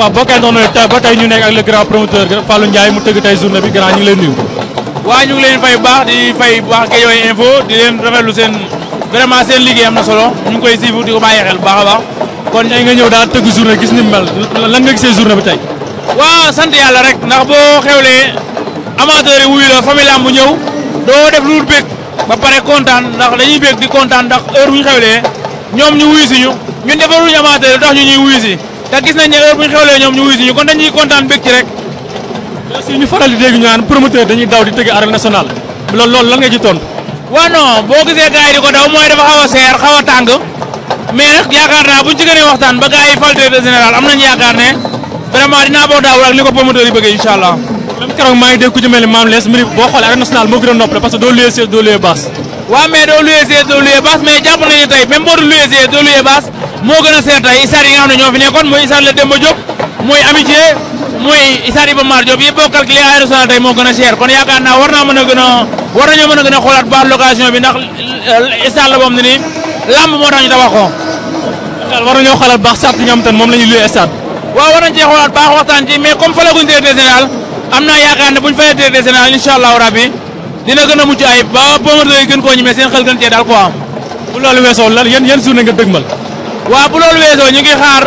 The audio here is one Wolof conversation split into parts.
waaw boo koy noonu tey ba tey ñu nekk ak le grand promoteur Fallou Ndiaye mu tëgg tey journée bi grand ñu leen nuyu. waaw ñu leen fay baax di fay baax Guédiawaye info di leen rafetlu seen vraiment seen liggéey am na solo ñu ngi koy suivre di ko bàyyi xel bu baax a baax. kon tey nga ñëw daal tëgg journée gis ni mu mel lan nga gisee journée bi tey. waaw sant yàlla rek ndax boo xewlee amateur yi wuyu la famille bu ñëw doo def lu bëgg ba pare kontaan ndax lañuy bég di kontaan ndax heure bu ñu ñoom ñu wuyu ñu ñun defaruñu amateur yi tax te gis nañ ne heure bu ñu xewlee ñoom ñu wuyu si ñu kon dañuy kontaan bëgg ci rek. aussi ñu faral di dégg ñu promoteur dañuy daw di tëgg arène nationale loolu loolu lan nga ci tontu. waaw non boo gisee gars di ko daw mooy dafa xaw a seer xaw tàng mais nag yaakaar naa bu ñu ci waxtaan ba gars fal directeur général am nañu yaakaar ne vraiment dinaa boo daawul ak li ko promoteur yi bëggee incha keroog maa ngi dégg ku ci mel ni Mame Less que moo gën a seer tey isaar yi nga xam ne ñoo fi nekkoon muy isaar la Demba Diop muy amitié muy isaar Iba Mar Diop yi boo calculé aérosol tey moo gën a seer kon yaakaar naa war naa mën a gën a war nañoo mën a gën a xoolaat baax location bi ndax euh, isaar la boobu ne nii lamb moo tax ñu tabax ko. war nañoo xoolaat baax stade bi nga moom la ñuy luy stade. waaw war nañ cee xoolaat baax waxtaan ci mais comme falaguñ directeur général am naa yaakaar ne buñ fayee directeur général incha allahu rabbi koo ñemee seen xel gën cee daal quoi. bu loolu weesoo lan yan waaw bu loolu weesoo ñu ngi xaar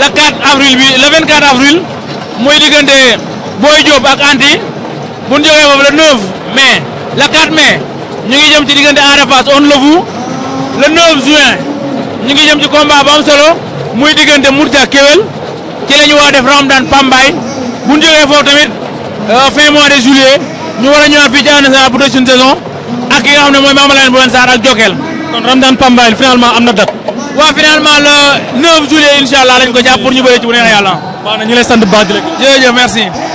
le 4 avril bi le 24 avril muy diggante booy Diop ak Anti bu ñu e foofu le 9 mai le 4 mai ñu ngi jëm ci diggante Ada Fass on levu le 9 juin ñu ngi jëm ci combat bu am solo muy diggante Murta Kewel ci la ñu war a def Ramadan Pambay bu ñu jógee foofu tamit euh, fin mois de juillet ñu war a ñëwaat fii ci Arène Nationale pour suñu saison ak ki nga xam ne mooy Mamalane Boune Sarr ak Jokel. kon Ramadan Pambay finalement am na date. waaw finalement le 9 juillet incha allah lañ ko jàpp pour ñu bëri ci bu neexee yàlla. baax na ñu lay sant bu baax di la. jërëjëf merci.